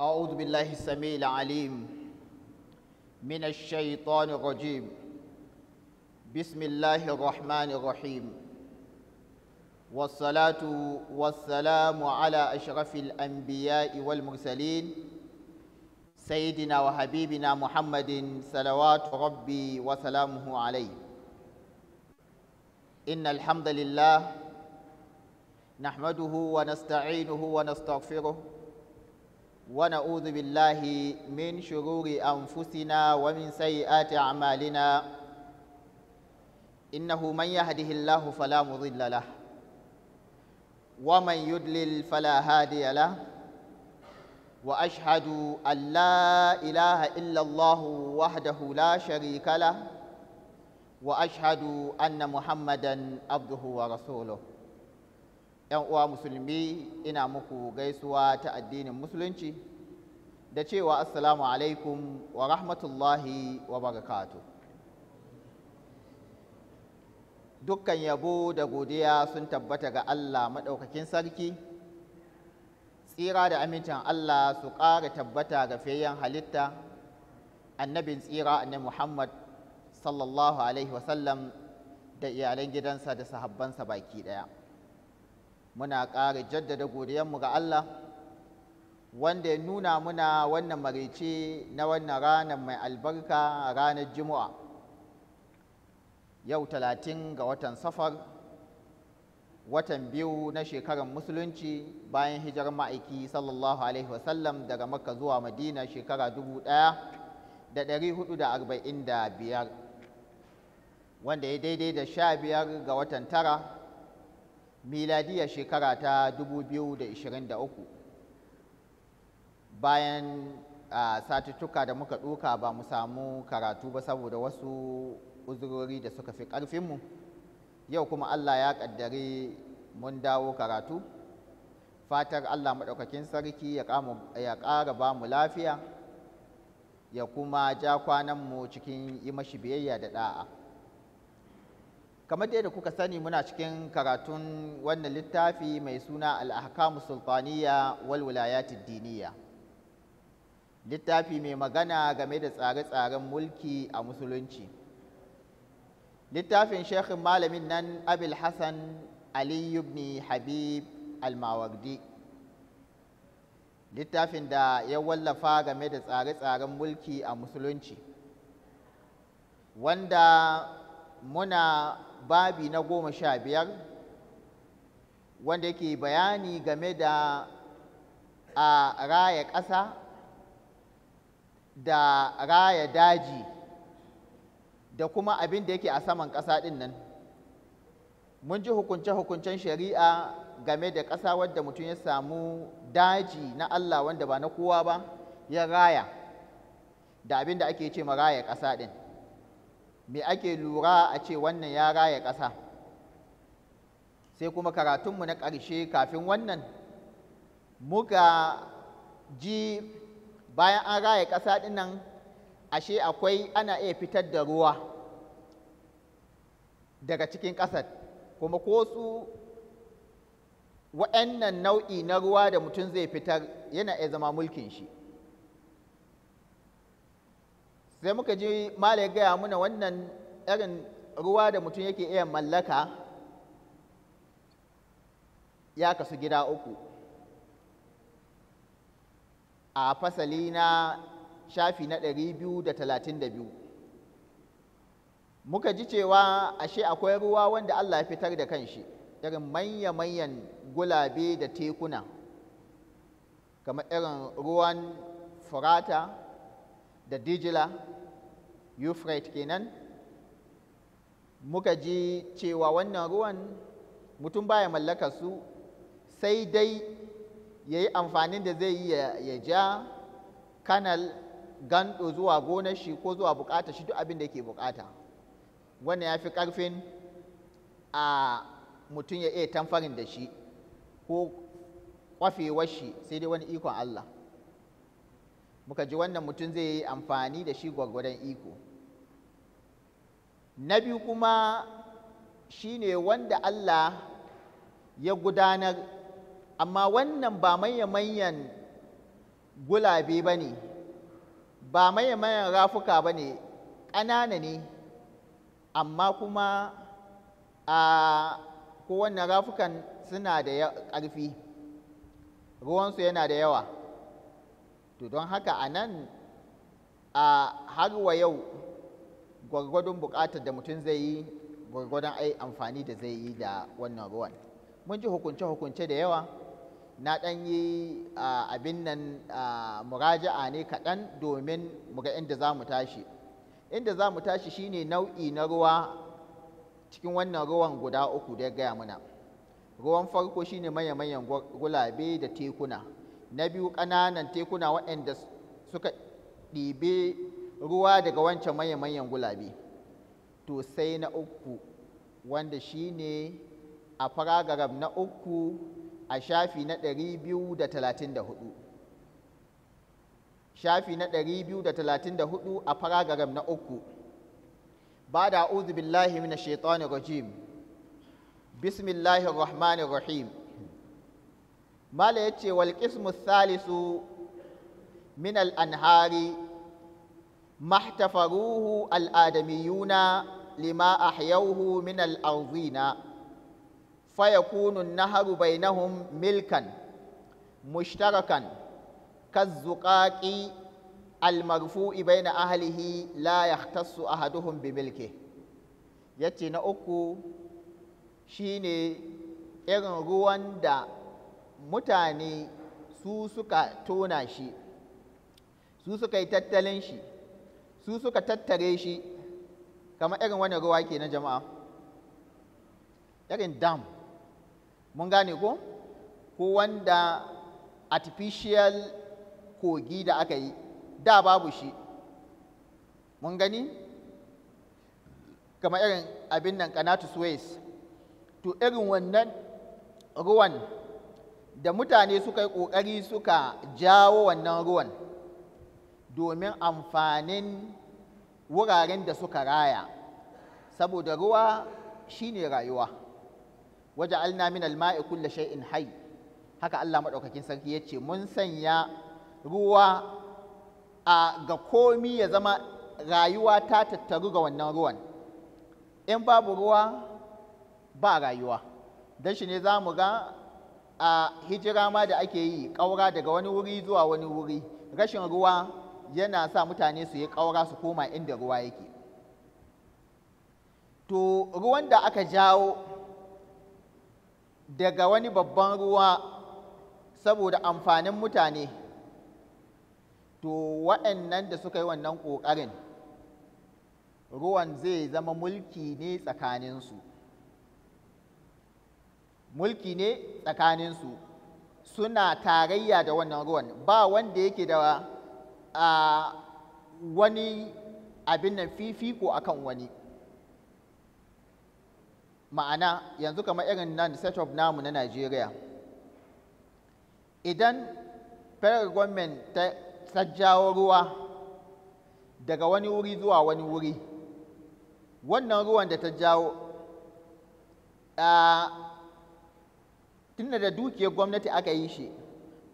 أعوذ بالله السميع العليم من الشيطان الرجيم بسم الله الرحمن الرحيم والصلاة والسلام على أشرف الأنبياء والمرسلين سيدنا وحبيبنا محمد صلوات ربي وسلامه عليه إن الحمد لله نحمده ونستعينه ونستغفره ونعوذ بالله من شرور أنفسنا ومن سيئات أعمالنا إنه من يهده الله فلا مضل له ومن يدلل فلا هادي له وأشهد أن لا إله إلا الله وحده لا شريك له وأشهد أن محمدا عبده ورسوله 'yan uwa musulmi ina muku gaisuwa ta addinin musulunci da cewa assalamu alaikum wa rahmatullahi wa barakatu dukkan yabo da godiya sun tabbata ga Allah maɗaukakin sarki tsira da amincin Allah su ƙara tabbata ga fayyan halitta annabin tsira annabi Muhammad sallallahu alaihi wasallam da iyalan gidansa da sahabbansa baki ɗaya. muna ƙara jaddada godiyanmu ga Allah wanda ya nuna muna wannan marice na wannan ranar mai albarka ranar Juma'a yau talatin ga watan safar watan biyu na shekarar musulunci bayan hijar ma'aiki sallallahu alaihi wasallam daga makka zuwa madina shekara dubu ɗaya da ɗari hudu da arba'in da biyar wanda ya daidai da sha biyar ga watan tara miladiya shekara ta 2023 bayan a satuttuka da muka ɗoka ba mu samu karatu ba saboda wasu uzurori da suka fi ƙarfinmu yau kuma Allah ya ƙaddare mun dawo karatu fatar Allah maɗaukakin sarki ya ƙara ba mu lafiya ya kuma ja kwananmu cikin yi mashi biyayya da ɗa'a. kamar dai da kuka sani muna cikin karatun wannan littafi mai suna al'ahkamu sultaniya wal wilayatid diniya littafi mai magana game da tsare-tsaren mulki a musulunci littafin shekhin malamin nan abil hassan ali ibn habib al-mawardi littafin da ya wallafa game da tsare-tsaren mulki a musulunci wanda muna babi na goma sha biyar wanda yake bayani game da a raya ƙasa da raya daji da kuma abin da yake a saman ƙasa ɗin nan mun ji hukunce-hukuncen shari'a game da ƙasa wadda mutum ya samu daji na Allah wanda ba na kowa ba ya raya da abin da ake ce ma raya ƙasa ɗin me ake lura a ce wannan ya raya ƙasa sai kuma karatunmu na ƙarshe kafin wannan muka ji bayan an raya ƙasa ɗinnan ashe akwai ana iya fitar da ruwa daga cikin ƙasar kuma ko su waɗannan nau'i na ruwa da mutum zai fitar yana iya zama mulkin shi sai muka ji malai gaya muna wannan irin ruwa da mutum yake iya mallaka ya kasu gida uku a fasali na shafi na da da talatin biyu muka ji cewa ashe akwai ruwa wanda Allah ya fitar da kanshi irin manya-manyan gulabe da tekuna kamar irin ruwan furata da dijila euphrates kenan muka ji cewa wannan ruwan mutum baya mallaka su sai dai ya yi amfanin da zai yi ya ja kanal gando zuwa gonar shi ko zuwa bukata shi duk abin da yake bukata wannan ya fi karfin a mutum ya iya tamfarin da shi ko kwafewar shi sai dai wani ikon Allah muka ji wannan mutum zai yi amfani da shi gwargwadon iko na biyu kuma shi ne wanda Allah ya gudanar amma wannan ba manya-manyan gulabe ba ne ba manya-manyan rafuka ba ne ƙanana ne amma kuma a kowanne rafukan suna da ƙarfi ruwansu yana da yawa to don haka a nan a har wa yau gwargwadon bukatar da mutum zai yi gwargwadon ai amfani da zai yi da wannan ruwan mun ji hukunce-hukunce da yawa na ɗan yi abin nan muraja'a ne kaɗan domin muga inda za mu tashi inda za mu tashi shine nau'i na ruwa cikin wannan ruwan guda uku da ya gaya muna ruwan farko shine manya-manyan gulabe da tekuna na biyu ƙananan tekuna waɗanda suka ɗibe ruwa daga wancan manyan gulabe to sai na uku wanda shi ne a faragaram na uku a shafi na ɗari biyu da talatin da hudu shafi na ɗari biyu da talatin da hudu a faragaram na uku ba da a'udhu billahi minash shaitani rajim bismillahir rahmanir rahim mala ya ce wal min al anhari mahtafaruhu al adamiyuna lima ahyawhu min al arzina kunun an-nahru bainahum milkan mushtarakan kazzuqaqi المرفوع بين أهله لا يختص أحدهم ya ce na uku shine irin ruwan da mutane su suka tona shi su suka yi tattalin shi su suka tattare shi kamar irin wani ruwa ke na jama'a irin dam mun gane ko ko wanda artificial kogi da aka yi da babu shi mun gani kamar irin abin nan kanatu suez to irin wannan ruwan da mutane suka yi ƙoƙari suka jawo wannan ruwan domin amfanin wuraren da suka raya saboda ruwa shine rayuwa waje alna min alma'i kulla shay'in hayy haka Allah maɗaukakin sarki ya ce mun sanya ruwa a ga komi ya zama rayuwa ta tattaru ga wannan ruwan in babu ruwa ba rayuwa don shi ne za mu ga a hijira ma da ake yi ƙaura daga wani wuri zuwa wani wuri rashin ruwa yana sa mutane su yi ƙaura su koma inda ruwa yake to ruwan da aka jawo daga wani babban ruwa saboda amfanin mutane to waɗannan da suka yi wannan ƙoƙarin ruwan zai zama mulki ne tsakaninsu mulki ne tsakaninsu suna tarayya da wannan ruwan ba wanda yake da wani abin nan fifiko akan wani ma'ana yanzu kamar irin nan setup namu na najeriya idan federal government ta, sajjawo jawo ruwa daga wani wuri zuwa wani wuri wannan ruwan da ta jawo tunda da dukiyar gwamnati aka yi shi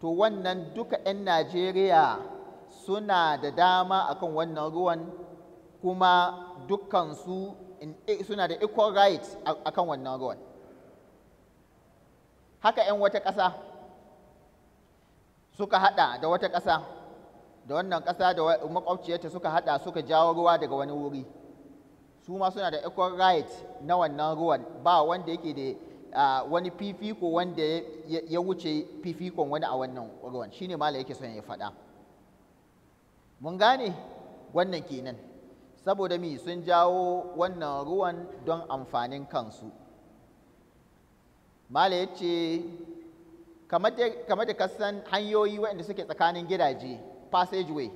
to wannan duka 'yan najeriya suna da dama akan wannan ruwan kuma dukkansu eh, suna da equal right akan wannan ruwan haka 'yan wata ƙasa suka hada da wata ƙasa da wannan ƙasa da makwabciyarta suka hada suka jawo ruwa daga wani wuri su ma suna da equal right na wannan ruwan ba wanda yake da wani fifiko wanda ya wuce fifikon wani a wannan ruwan shine mala yake son ya faɗa mun gane wannan kenan saboda mi sun jawo wannan ruwan don amfanin kansu mala ya ce kamar da kasan hanyoyi waɗanda suke tsakanin gidaje passageway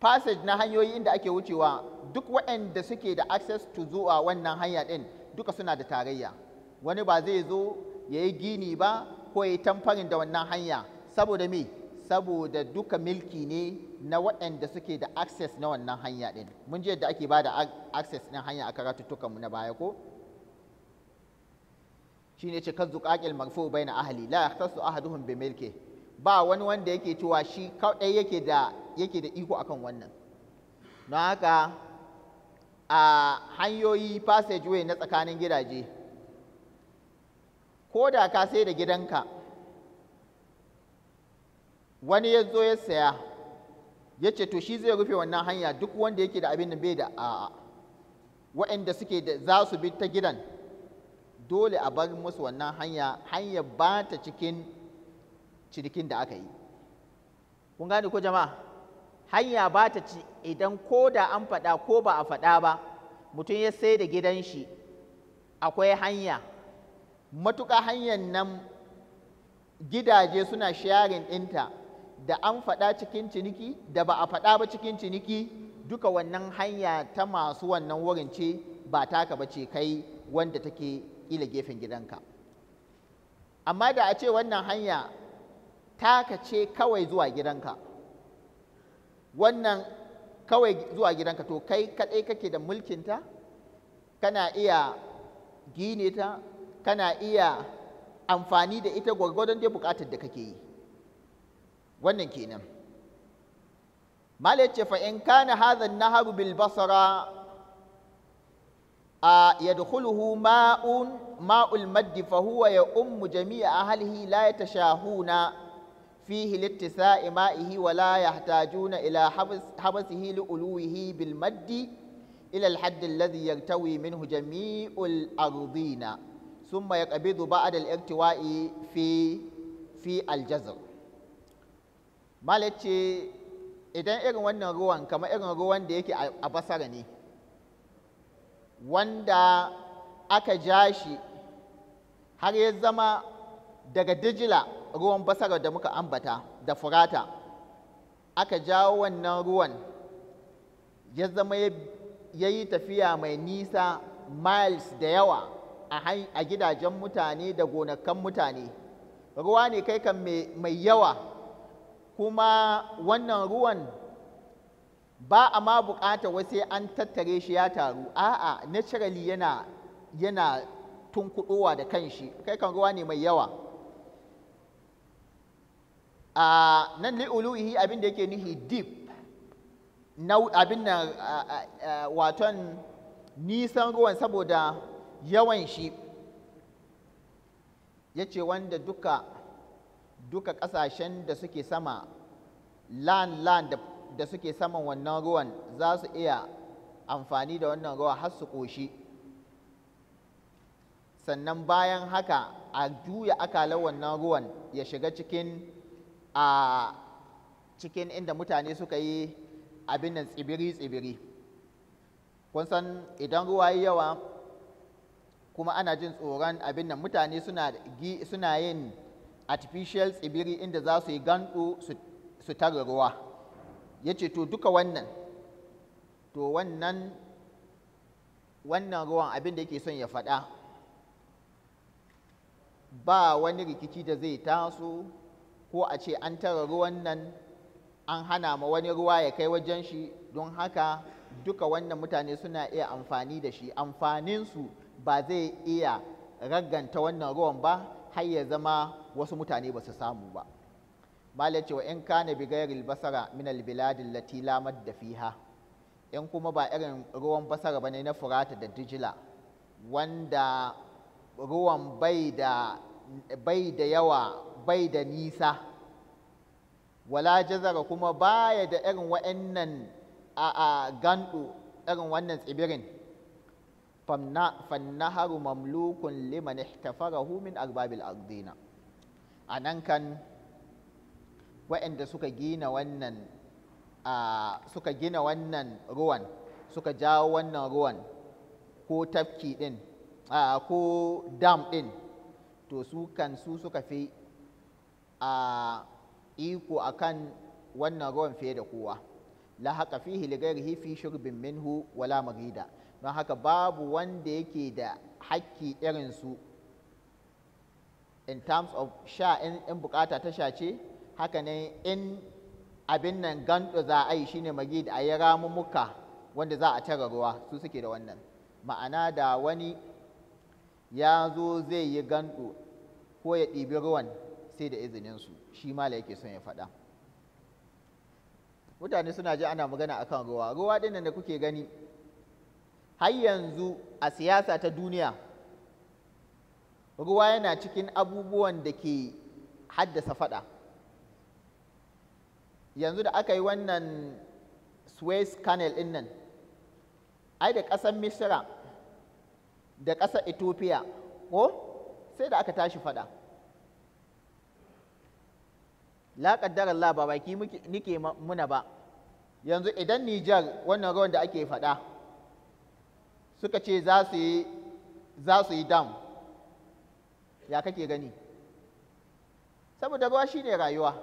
passage na hanyoyi inda ake wucewa duk waɗanda suke da access to zuwa wannan hanya ɗin duka suna da tarayya wani ba zai zo ya yi gini ba ko ya yi tamfarin da wannan hanya saboda me saboda duka milki ne na waɗanda suke da access na wannan hanya ɗin mun ji yadda ake ba da access na hanya a karatuttukanmu na baya ko shi ne ce kan zuƙaƙil marfu bai na ahali la yahtasu ahaduhum bi milki ba wani wanda yake cewa shi kaɗai yake da iko akan wannan don haka a hanyoyi passageway na tsakanin gidaje ko da ka sai da gidanka wani ya zo ya saya ya ce to shi zai rufe wannan hanya duk wanda yake da abin da bai da a waɗanda suke da za su bi ta gidan dole a bar musu wannan hanya hanya ba ta cikin cirikin da aka yi kun gane ko jama'a hanya ba ta ci idan ko da an faɗa ko ba a faɗa ba mutum ya sai da gidan shi akwai hanya matuƙa hanyar nan gidaje suna sharing ɗinta da an faɗa cikin ciniki da ba a faɗa ba cikin ciniki duka wannan hanya ta masu wannan wurin ce ba taka ba ce kai wanda take ila gefen gidanka amma da a ce wannan hanya taka ce kawai zuwa gidanka wannan kawai zuwa gidanka to kai kaɗai kake da mulkinta kana iya gine ta kana iya amfani da ita gwargwadon dai buƙatar da kake yi wannan kenan mala fa in kana hazan an-nahru bil basara a yadkhuluhu ma'un ma'ul madd fa huwa ya ummu jami'a ahlihi la yatashahuna fihi littisa'i ma'ihi wa la yahtajuna ila habasihi li'uluwihi bil maddi ila al-hadd alladhi yartawi minhu jami'ul ardina thumma yaqbidu ba'da al-irtiwa'i fi fi al-jazr malace idan irin wannan ruwan kamar irin ruwan da yake a basara ne wanda aka ja shi har ya zama daga dijila ruwan basarar da muka ambata da furata aka jawo wannan ruwan ya zama ya yi tafiya mai nisa miles da yawa a gidajen mutane da gonakan mutane ruwa ne kai kan mai yawa kuma wannan ruwan ba a ma bukata wasu an tattare shi ya taru a'a naturally yana yana tunkuɗowa da kanshi kai kan ruwa ne mai yawa a nan li'uluhi abin da yake nuhi deep abin na waton nisan ruwan saboda yawan shi ya ce wanda duka duka kasashen da suke sama land land da suke saman wannan ruwan za su iya amfani da wannan ruwa har su ƙoshi sannan bayan haka a juya akalar wannan ruwan ya shiga cikin a cikin inda mutane suka yi abin nan tsibiri-tsibiri kun san idan ruwa yi yawa kuma ana jin tsoron abin nan mutane suna yin artificial tsibiri inda za su yi gandu su tara ruwa ya ce to duka wannan to wannan wannan ruwan abin da yake son ya faɗa ba wani rikici da zai taso ko a ce an tara ruwan nan an hana ma wani ruwa ya kai wajen shi don haka duka wannan mutane suna iya amfani da shi amfaninsu ba zai iya raganta wannan ruwan ba har ya zama wasu mutane ba su samu ba malar cewa in kana bi gairil basara min albiladin lati lamar da fiha in kuma ba irin ruwan basara bane na furata da dijila wanda ruwan bai da yawa bai da nisa wala jazara kuma baya da irin wa'annan a gandu irin wannan tsibirin fannaharu mamlukun liman ihtafarahu min arbabil ardina anan kan wa'anda suka gina wannan suka gina wannan ruwan suka jawo wannan ruwan ko tafki din ko dam din to su kan su suka fi a iko akan wannan ruwan fiye da kowa la haka fihi li ghairihi fi shurbin minhu wala magida don haka babu wanda yake da hakki irin su in terms of sha in bukata ta ce haka ne in abin nan gandu za a yi shine magid a yi ramumuka wanda za a tara ruwa su suke da wannan ma'ana da wani ya zo zai yi gandu ko ya ɗibi ruwan sai da izinin su shi mala yake son ya faɗa mutane suna ji ana magana akan ruwa ruwa ɗin da kuke gani har yanzu a siyasa ta duniya ruwa yana cikin abubuwan da ke haddasa faɗa yanzu da aka yi wannan Suez Canal ɗin nan, ai da ƙasar Misira da ƙasar Ethiopia, ko sai da aka tashi faɗa. la kaddara ba baki nike muna ba yanzu idan Nijar wannan ruwan da ake faɗa suka ce za su yi dam ya kake gani saboda ruwa shine rayuwa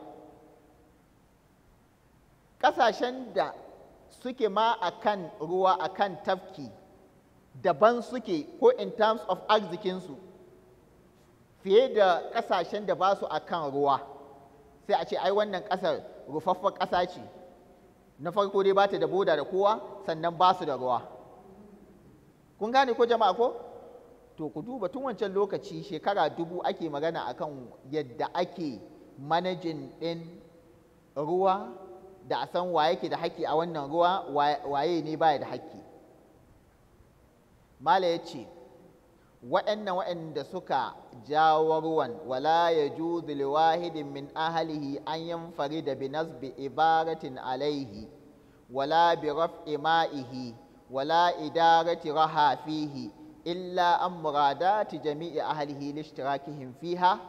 ƙasashen da suke ma akan ruwa akan tafki daban suke ko in terms of arzikinsu fiye da ƙasashen da ba su akan ruwa sai a ce ai wannan ƙasar rufaffen ƙasa ce na farko dai ba ta da boda da kowa sannan ba su da ruwa kun gane ko jama'a ko to ku duba tun wancan lokaci shekara dubu ake magana akan yadda ake manajin ɗin ruwa da a san waye ke da haƙƙi a wannan ruwa waye ne baya da haƙƙi mala ya ce waɗannan wa'anda suka jawo ruwan wala ya juzu liwahidin min ahalihi an yanfari da binasbi ibaratin alaihi wala bi raf'i ma'ihi wala idarati raha fihi illa an muradati jami'i ahalihi lishtirakihim fiha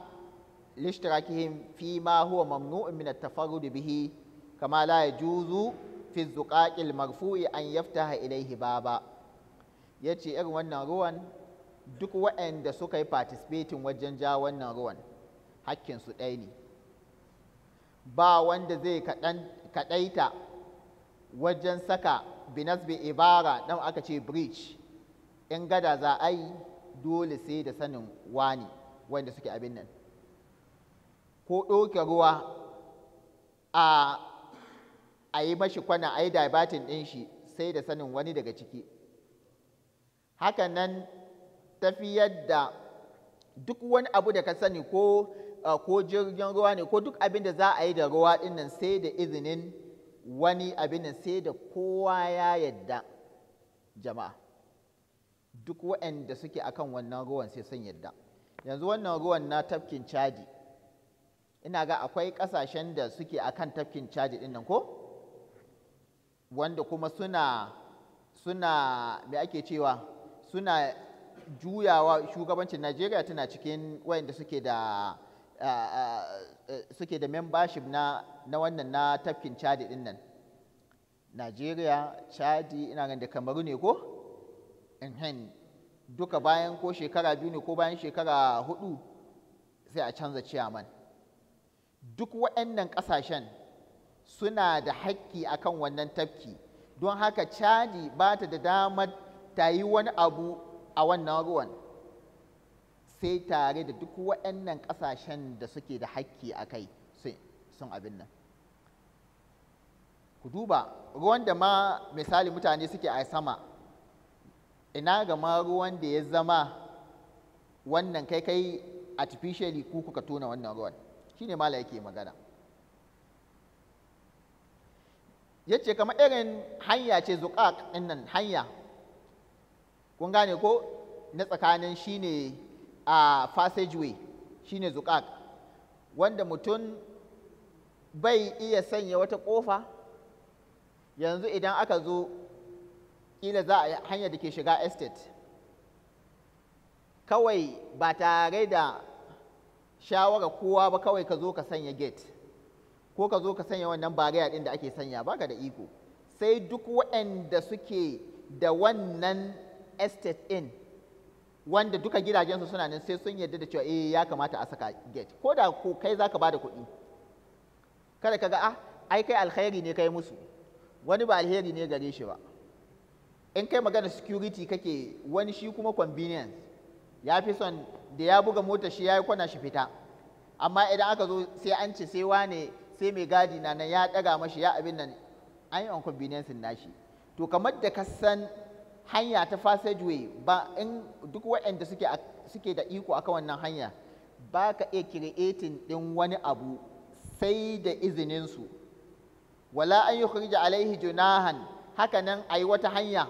lishtirakihim fi ma huwa mamnu'un min at-tafarrud bihi kama la yajuzu fi zuqaqil marfu'i an yaftaha ilaihi baba yace irin wannan ruwan duk waɗanda suka yi participating wajen ja wannan ruwan su ɗaya ne ba wanda zai kaɗaita wajen saka binasbi ibara ɗan aka ce bridge in gada za a yi dole sai da sanin wani wanda suke abin nan ko ɗauke ruwa a a yi mashi kwana a yi diabatin ɗin shi sai da sanin wani daga ciki hakan nan tafiyar da duk wani abu da ka sani ko uh, ko jirgin ruwa ne ko duk abin da za a yi da ruwa ɗin nan sai da izinin wani abin nan sai da kowa ya yadda jama'a duk waɗanda suke akan wannan ruwan sai sun yadda yanzu wannan ruwan na tafkin caji ina ga akwai kasashen da suke akan tafkin caji dinnan ko wanda kuma suna suna me ake cewa suna juyawa shugabancin najeriya tana cikin wayanda suke da suke da membership na na wannan na tafkin chadi din nan najeriya chadi ina ganin da kamaru ne ko inhen duka bayan ko shekara biyu ne ko bayan shekara hudu sai a canza ciyaman duk waɗannan ƙasashen suna da hakki akan wannan tafki don haka chadi ba ta da damar ta yi wani abu a wannan ruwan sai tare da duk waɗannan ƙasashen da suke da hakki a kai sun abin nan ku duba ruwan da ma misali mutane suke a sama ina ga ma ruwan da ya zama wannan kai kai artificially ku kuka tona wannan ruwan shine mala yake magana ya ce kamar irin hanya ce zuƙaƙ nan hanya kun gane ko na tsakanin shine a passageway shine zuƙaƙ wanda mutum bai iya sanya wata ƙofa yanzu idan aka zo kila za a hanyar da ke shiga estate kawai ba tare da shawara kowa ba kawai ka zo ka sanya gate ko ka zo ka sanya wannan bariya ɗin da ake sanya ba ka da iko sai duk waɗanda suke da wannan estate in wanda duka gidajensu suna nan sai sun yarda da cewa eh ya kamata a saka gate ko da ko kai zaka bada kuɗi kada ka ga ah ai kai alkhairi ne kai musu wani ba alheri ne gare shi ba in kai magana security kake wani shi kuma convenience ya fi son da ya buga mota shi ya yi kwana shi fita amma idan aka zo sai an ce sai wane sai mai gadi na nan ya ɗaga mashi ya abin nan an yi on convenience nashi to kamar da ka san hanya ta passageway ba in duk waɗanda suke suke da iko akan wannan hanya ba ka iya creating ɗin wani abu sai da izininsu wala an yi alaihi junahan haka nan a yi wata hanya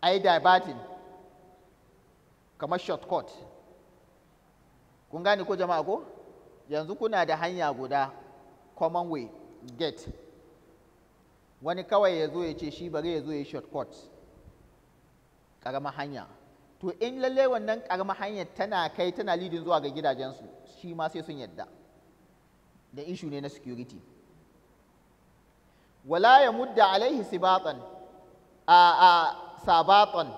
a yi diabatin kamar shortcut kun gane ko jama'a ko yanzu kuna da hanya guda common way gate wani kawai ya zo ya ce shi bari ya zo ya shortcut ƙarama hanya to in lalle wannan karama hanyar tana kai tana lidin zuwa ga gidajensu shi ma sai sun yadda da ishu ne na security wala ya mudda alaihi sibatan a a sabatan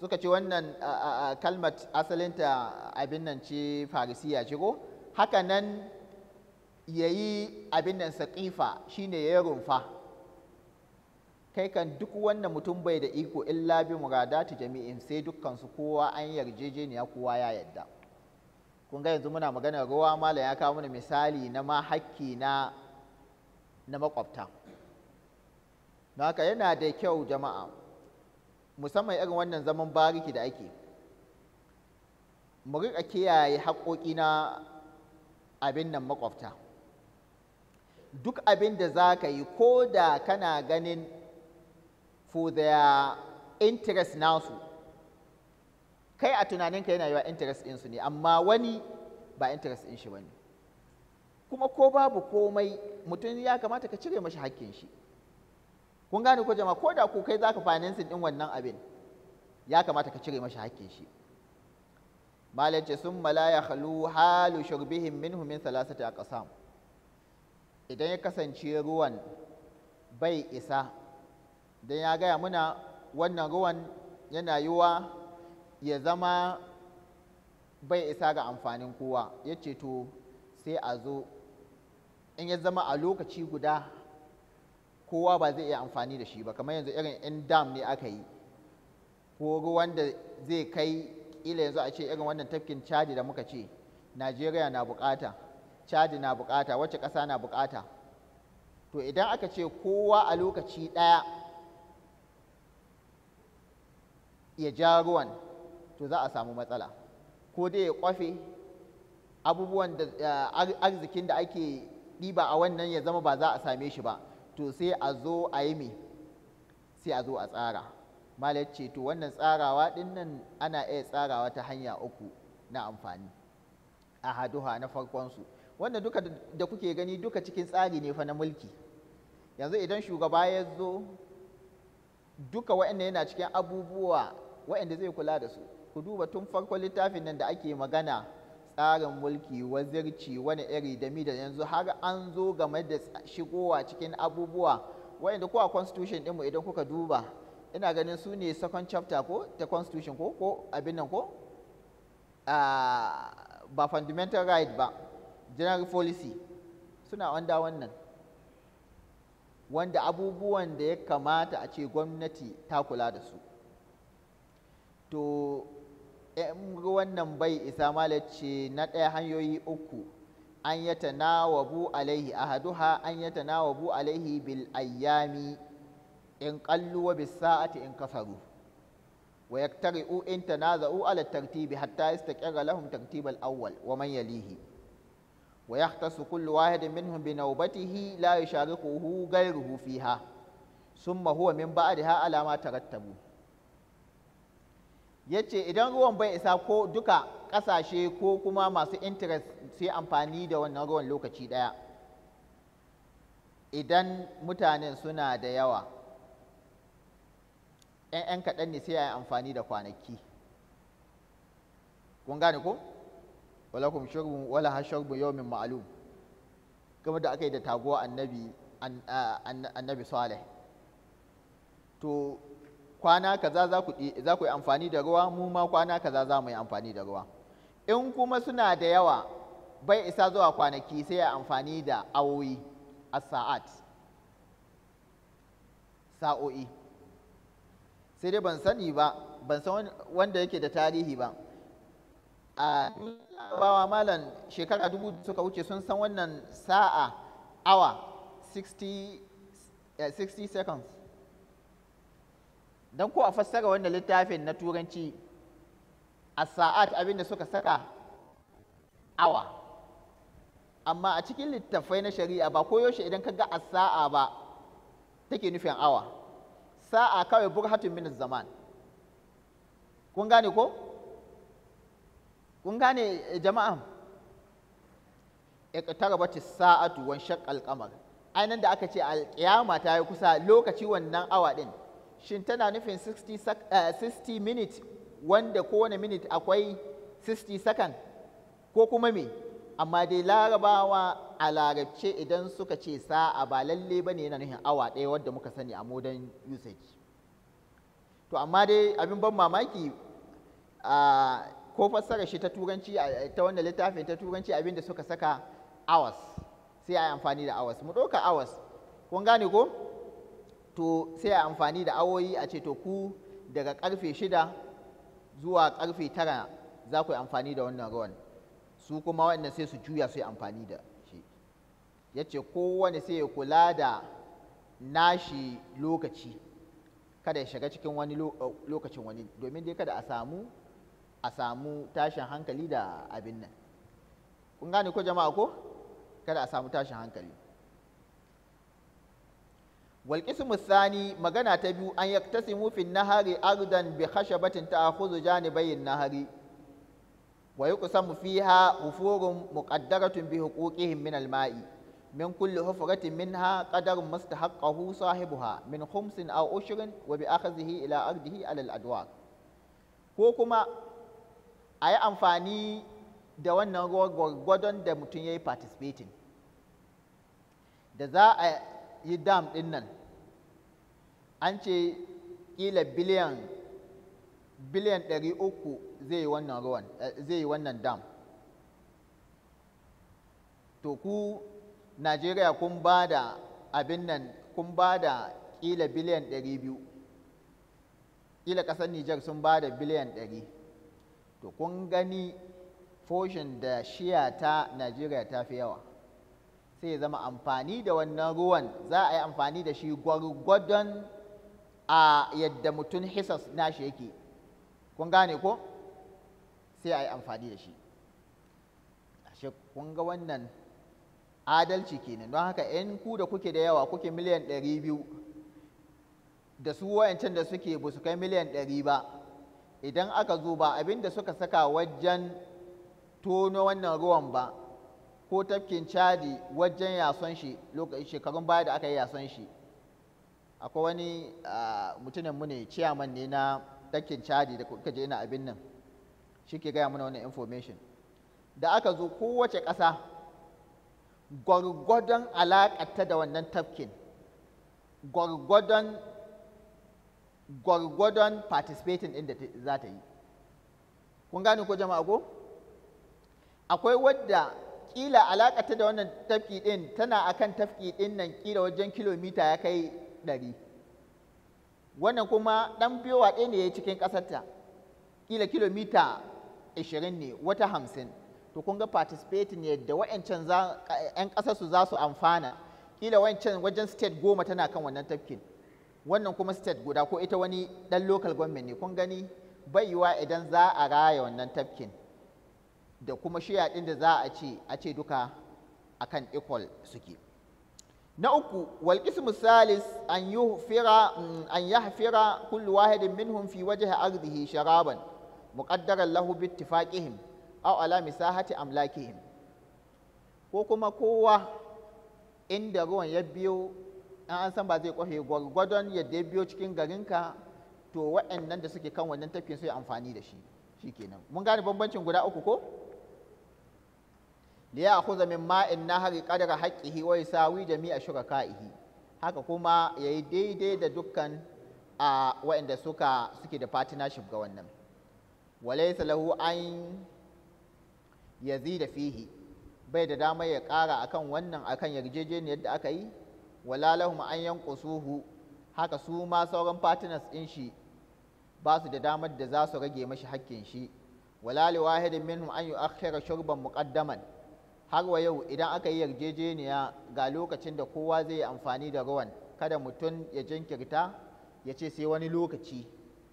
suka ce wannan kalmat asalinta abin nan ce farisiya ce ko haka nan yayi abin nan saqifa shine yi rumfa kai kan duk wannan mutum bai da iko illa bi muradati jami'in sai dukkan su kowa an yarjejeniya kowa ya yadda kun ga yanzu muna magana ruwa mala ya kawo mana misali na ma hakki na na makwabta Na haka yana da kyau jama'a musamman irin wannan zaman bariki da ake mu riƙa kiyaye haƙoƙi na abin nan makwabta duk abin da za ka yi ko da kana ganin for their interest su. kai a tunaninka yana yiwa interest ɗinsu ne amma wani ba interest ɗin shi ba kuma ko babu komai mutum ya kamata ka cire mashi hakkin shi kun gane ko jama'a ko da ku kai zaka financing din wannan abin ya kamata ka cire mashi hakkin shi malam ce sun mala ya halu halu shurbihim minhu min salasati aqsam idan ya kasance ruwan bai isa don ya gaya muna wannan ruwan yana yiwa ya zama bai isa ga amfanin kowa ya ce to sai a zo in ya zama a lokaci guda kowa ba zai iya amfani da shi ba kamar yanzu irin in dam ne aka yi ko ruwan da zai kai ila yanzu a ce irin wannan tafkin chadi da muka ce najeriya na bukata chadi na bukata wacce ƙasa na bukata to idan aka ce kowa a lokaci ɗaya ya ja ruwan to za a samu matsala ko dai ya kwafe abubuwan da arzikin da ake ɗiba a wannan ya zama ba za a same shi ba to sai a zo a yi me sai a zo a tsara malar ce to wannan tsarawa ɗin nan ana iya tsarawa ta hanya uku na amfani a haduwa na farkonsu wannan duka da kuke gani duka cikin tsari ne fa na mulki yanzu idan shugaba ya zo duka wa'annan yana cikin abubuwa wa'anda zai kula da su ku duba tun farko littafin nan da ake magana tsarin mulki wazirci wani iri da mi da yanzu har an zo game da shigowa cikin abubuwa wa'anda ko a constitution ɗinmu idan kuka duba ina ganin su ne second chapter ko ta constitution ko ko abin nan ko ah, ba fundamental right ba general policy suna wanda wannan wanda abubuwan da ya kamata a ce gwamnati ta kula da su to in wannan bai isa malace na ɗaya hanyoyi uku an ya tanawabu alaihi ahaduha an ya tanawabu alaihi bil ayyami in qallu wa bis sa'ati in kafaru wa yaktari'u in tanaza'u ala tartibi hatta yastaqira lahum tartibal awwal wa man yalihi wa su kullu min minhum bi nawbatihi la yusharikuhu ghayruhu fiha sun mahuwa min ba'daha ala Ya yace idan ruwan bai isa ko duka ƙasashe ko kuma masu interest sai amfani da wannan ruwan lokaci daya idan mutanen suna da yawa 'yan kaɗan ne sai a yi amfani da kwanaki kun gane ko walakum shurbun wala hashurbun yawmin ma'lum kamar da aka yi da taguwa annabi annabi salih to kwana kaza za ku za ku yi amfani da ruwa mu ma kwana kaza za mu yi amfani da ruwa in kuma suna da yawa bai isa zuwa kwanaki sai ya amfani da awoyi a saat sa'o'i sai dai ban sani ba ban san wanda yake da tarihi ba a bawa malam shekara dubu suka wuce sun san wannan sa'a awa 60 eh, seconds don ko a fassara wannan littafin na turanci a sa'at abinda suka saka awa amma a cikin littafai na shari'a ba ko yaushe idan ka ga a sa'a ba take nufin awa sa'a kawai burhatun min zaman kun gane ko kun gane eh, jama'a iqtarabati sa'atu wan shaqqal alƙamar ainihin da aka ce alƙiyama ta yi kusa lokaci wannan awa ɗin shin tana nufin 60 eh, minutes wanda kowane minute akwai 60 second ko kuma me amma dai larabawa a larabce idan suka ce sa'a ba lalle ba ne yana nufin awa ɗaya wadda muka sani a modern usage to amma dai abin ban mamaki a ah, ko fassara shi ta turanci ta wannan littafin ta turanci abinda suka saka hours sai a yi amfani da hours mu ɗauka hours kun gane ko to sai a yi amfani da awoyi a ce to ku daga karfe shida zuwa karfe tara za ku yi amfani da wannan ruwan su kuma wannan sai su juya su yi amfani da shi ya ce kowane sai ya kula da nashi lokaci kada ya shiga cikin wani eh, lokacin wani domin dai kada a samu a samu tashin hankali da abin nan kun gane ko jama'a ko kada a samu tashin hankali walƙismu sani magana ta biyu an yaktasimu fi nahari ardan bi khashabatin ta'khudhu janibayin nahari wa yuqsamu fiha hufurun muqaddaratun bi huquqihim min al-ma'i min kulli hufratin minha qadarun mustahaqqahu sahibuha min khumsin aw ushrin wa bi akhdhihi ila ardihi ala al-adwar ko kuma a yi amfani da wannan ruwa gwargwadon da mutum ya yi participating da za a yi dam ɗin nan an ce ƙila biliyan biliyan ɗari uku zai yi wannan ruwan eh, zai yi wannan dam to ku najeriya kun ba da abin nan kun ba da ƙila biliyan ɗari biyu ƙila ƙasar nijar sun ba da biliyan ɗari to kun gani foshin da shiya ta najeriya ta fi yawa sai zama amfani da wannan ruwan za a yi amfani da shi gwargwadon a yadda mutum hisas nashi yake kun gane ko sai a yi amfani da shi ashe kun ga wannan adalci kenan don haka 'yan ku da kuke da yawa kuke miliyan 200 da su wayancan da suke ba su kai miliyan 100 ba idan aka zo ba abin da suka saka wajen tono wannan ruwan ba ko tafkin cadi wajen yason shi shekarun baya da aka yi yason shi akwai wani mutumin mu ne ciyaman ne na tafkin cadi da kuka je ina abin nan shi ke gaya mana wannan information da aka zo kowace ƙasa gwargwadon alaƙata da wannan tafkin gwargwadon gwargwadon participating ɗin za ta yi kun gane ko jama'a ko akwai wadda kila alakata da wannan tafki ɗin tana akan tafki ɗin nan kila wajen kilomita ya kai dari wannan kuma ɗan wa ɗaya ne ya yi cikin ƙasarta kila kilomita ashirin ne wata hamsin to kun ga participating yadda wa'ancan 'yan ƙasarsu za su amfana kila wa'ancan wajen state goma tana kan wannan tafkin wannan kuma state guda ko ita wani ɗan local government ne kun gani bai yiwa idan za a raya wannan tafkin da kuma shiya ɗin da za a ce a ce duka akan equal suke na uku wal qismu salis an yuhfira an yahfira kullu wahidin minhum fi wajhi ardihi sharaban muqaddaran lahu bi ittifaqihim aw ala misahati amlakihim ko kuma kowa inda ruwan ya biyo in an san ba zai kwafe gwargwadon yadda ya biyo cikin garinka to wa'annan da suke kan wannan tafkin sai amfani da shi shi kenan. mun gane bambancin guda uku ko da ya akhudha min ma'in na nahari sawi da wa a jami'a ka'ihi haka kuma ya yi daidai da dukkan a waɗanda suka suke da partnership ga wannan walai salahu an yazi da fihi bai da damar ya ƙara akan wannan akan yarjejeniyar da aka yi wala lahum an yanqusuhu haka su ma sauran partners din shi ba su da damar da za su rage mashi hakkin shi wala li wahidin minhum an yu'akhkhira shurban muqaddaman har wa yau idan aka yi yarjejeniya ga lokacin da kowa zai yi amfani da ruwan kada mutum ya jinkirta ya ce sai wani lokaci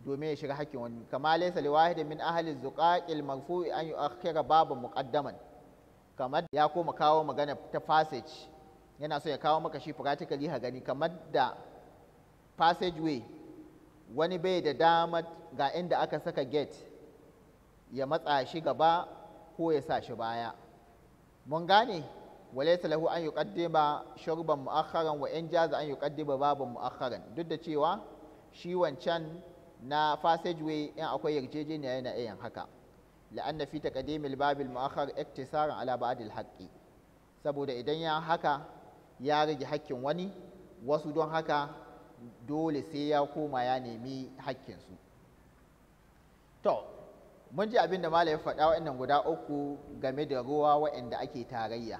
domin ya shiga hakkin wani kamar laysa li wahidin min ahli zuqaqil marfu'i an yu'akhkhira babu muqaddaman kamar ya koma kawo magana ta passage yana so ya kawo maka shi practically ha gani kamar da passageway wani bai da dama ga inda aka saka gate ya matsa shi gaba ko ya sa shi baya mun gane walaysa lahu an yuqaddima shurban mu'akharan wa in jaza an yuqaddima baban mu'akharan duk da cewa shi wancan na passageway in akwai yarjejeniya yana iya haka la'anna fi taqdimil babil mu'akhkhar iktisaran ala ba'dil haqqi saboda idan ya haka ya rage hakkin wani wasu don haka dole sai ya koma ya nemi hakkinsu to mun ji abin da malam ya faɗa wa guda uku game da ruwa wa'anda ake tarayya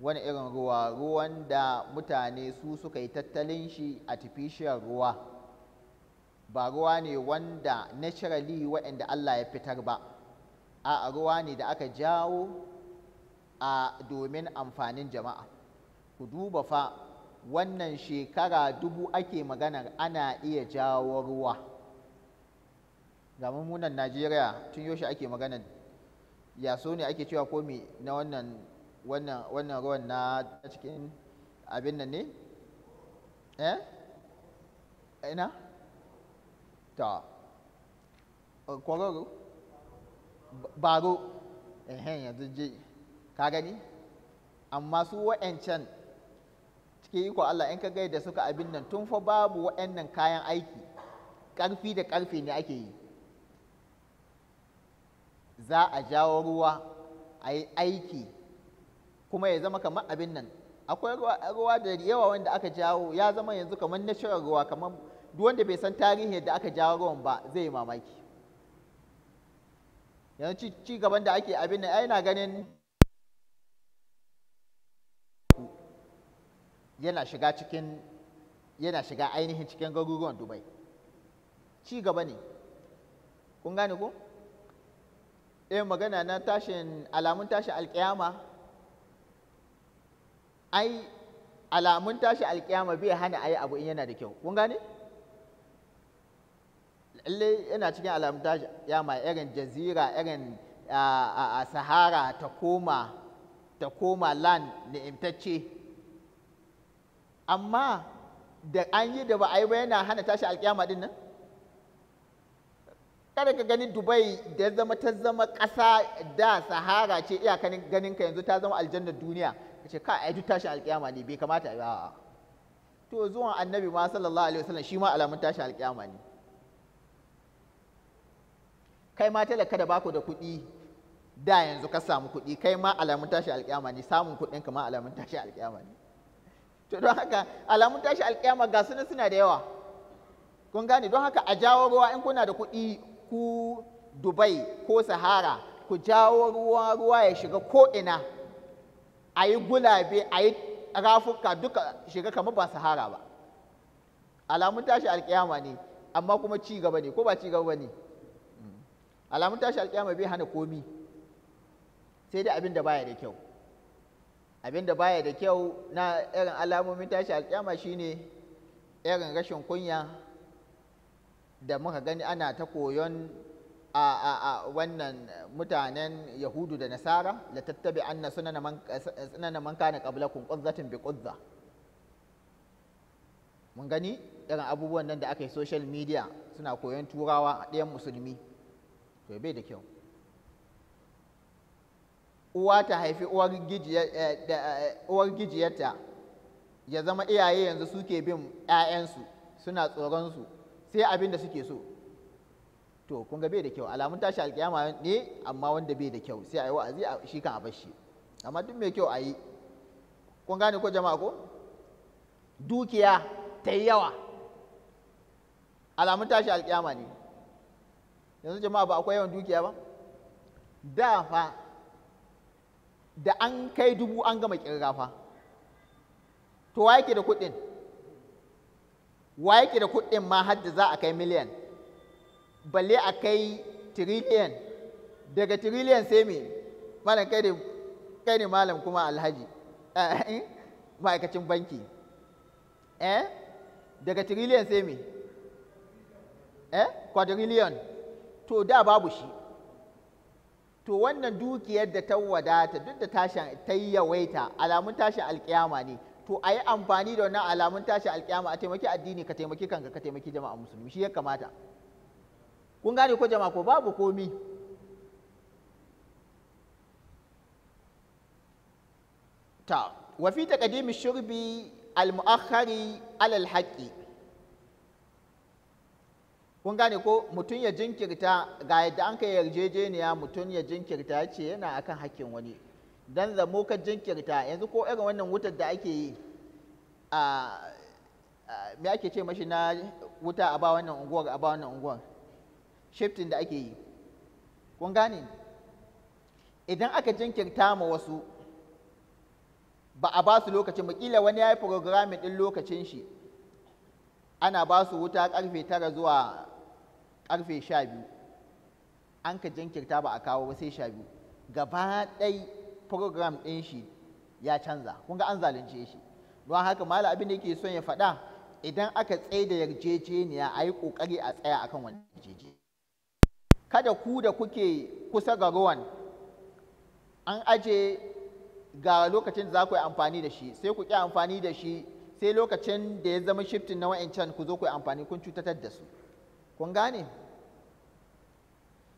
wani irin ruwa ruwan da mutane su suka yi tattalin shi artificial ruwa ba ruwa ne wanda naturally wa'anda Allah ya fitar ba a ruwa ne da aka jawo a domin amfanin jama'a ku duba fa wannan shekara dubu ake maganar ana iya jawo ruwa ga mummunan najeriya tun yaushe ake maganar so ne ake cewa komi na wannan wannan wannan ruwan na cikin abin nan ne eh ina ta kwararru baro ehen yanzu je ka gani amma su wa'ancan yi iko Allah in ka ga da suka abin nan tun fa babu waɗannan kayan aiki ƙarfi da ƙarfe ne ake yi za a jawo ruwa a yi aiki kuma ya zama kamar abin nan akwai ruwa da yawa wanda aka jawo ya zama yanzu kamar na shirin ruwa kamar duk wanda bai san tarihin yadda aka jawo ruwan ba zai yi mamaki yanzu ci gaban da ake abin nan ai na ganin yana shiga cikin yana shiga ainihin cikin garuruwan dubai ci gaba ne kun gane ko eh magana na tashin alamun tashi alkiyama ai alamun tashi alkiyama bai hana ayi abu in yana da kyau kun gane lalle yana cikin alamun tashi alkiyama irin jazira irin a sahara ta koma ta koma land ni'imtacce amma da an yi da ba a yi ba yana hana tashi alkiyama din nan kada ka gani dubai da zama ta zama ƙasa da sahara ce iyaka ganin ka yanzu ta zama aljannar duniya ka ce ka a yi tashi alkiyama ne bai kamata ba to zuwan annabi ma sallallahu alaihi wasallam shi ma alamun tashi alkiyama ne kai ma talaka da bako da kuɗi da yanzu ka samu kuɗi kai ma alamun tashi alkiyama ne samun kuɗinka ma alamun tashi alkiyama ne to don haka alamun tashi alkiyama ga sunan suna da yawa kun gane don haka a jawo ruwa in kuna da kuɗi ku dubai ko sahara ku jawo ruwa ruwa ya shiga ko ina a yi gulabe a yi rafuka duka shiga kamar ba sahara ba alamun tashi alkiyama ne amma kuma ci gaba ne ko ba ci gaba ne hmm. alamun tashi alkiyama bai hana komi sai dai abin da baya da kyau abinda baya da kyau na irin alamomin tashi alƙyama shine irin rashin kunya da muka gani ana ta koyon a, wannan mutanen yahudu da nasara la tattabi anna sunana man kana kun qudzatin bi qudza mun gani irin abubuwan nan da aka yi social media suna koyon turawa a ɗayan musulmi to bai da kyau uwa ta haifi eh, eh, eh, uwar gijiyarta ya zama iyaye yanzu suke bin 'ya'yansu suna tsoronsu sai abin da suke so to kun ga bai da kyau alamun tashi alkiyama ne amma wanda bai da kyau sai a yi wa'azi a shi kan a bashi amma duk mai kyau a yi kun gane ko jama'a ko dukiya ta yi yawa alamun tashi alkiyama ne yanzu jama'a ba akwai yawan dukiya ba da fa da an kai dubu an gama kirga fa to wa yake da kuɗin wa yake da kuɗin ma har da za a kai miliyan balle a kai tiriliyan daga tiriliyan sai me malam kai ne kai ne malam kuma alhaji eh, eh, ma'aikacin banki eh daga tiriliyan sai me eh quadrillion to da babu shi to wannan dukiyar da ta wadata duk da tashin ta yawaita alamun tashin alkiyama ne to a yi amfani da wannan alamun tashin alkiyama a taimaki addini ka taimaki kanka ka taimaki jama'a musulmi shi ya kamata kun gane ko jama'a ko babu komi ta Wafi fi shurbi al-mu'akhkhari ala al-haqqi kun gane ko mutum ya jinkirta ga yadda an kai yarjejeniya mutum ya jinkirta ya ce yana akan hakkin wani dan zamo ka jinkirta yanzu ko irin wannan wutar da ake yi a me ake ce mashi na wuta a ba wannan unguwar a ba wannan unguwar shifting da ake yi kun gane idan aka jinkirta ma wasu ba a ba su lokacin kila wani ya yi programming ɗin lokacin shi ana ba su wuta karfe tara zuwa karfe sha biyu an ka jinkirta ba a kawo ba sai sha biyu gaba ɗai program ɗin shi ya canza kun ga an zalunce shi don haka mala abin da yake son ya faɗa idan aka tsaye da yarjejeniya a yi ƙoƙari a tsaya akan wannan kada ku da kuke kusa ga ruwan an aje ga lokacin da za ku yi amfani da shi sai ku ƙi amfani da shi sai lokacin da ya zama shiftin na wa'ancan ku zo ku yi amfani kun cutatar da su kun gane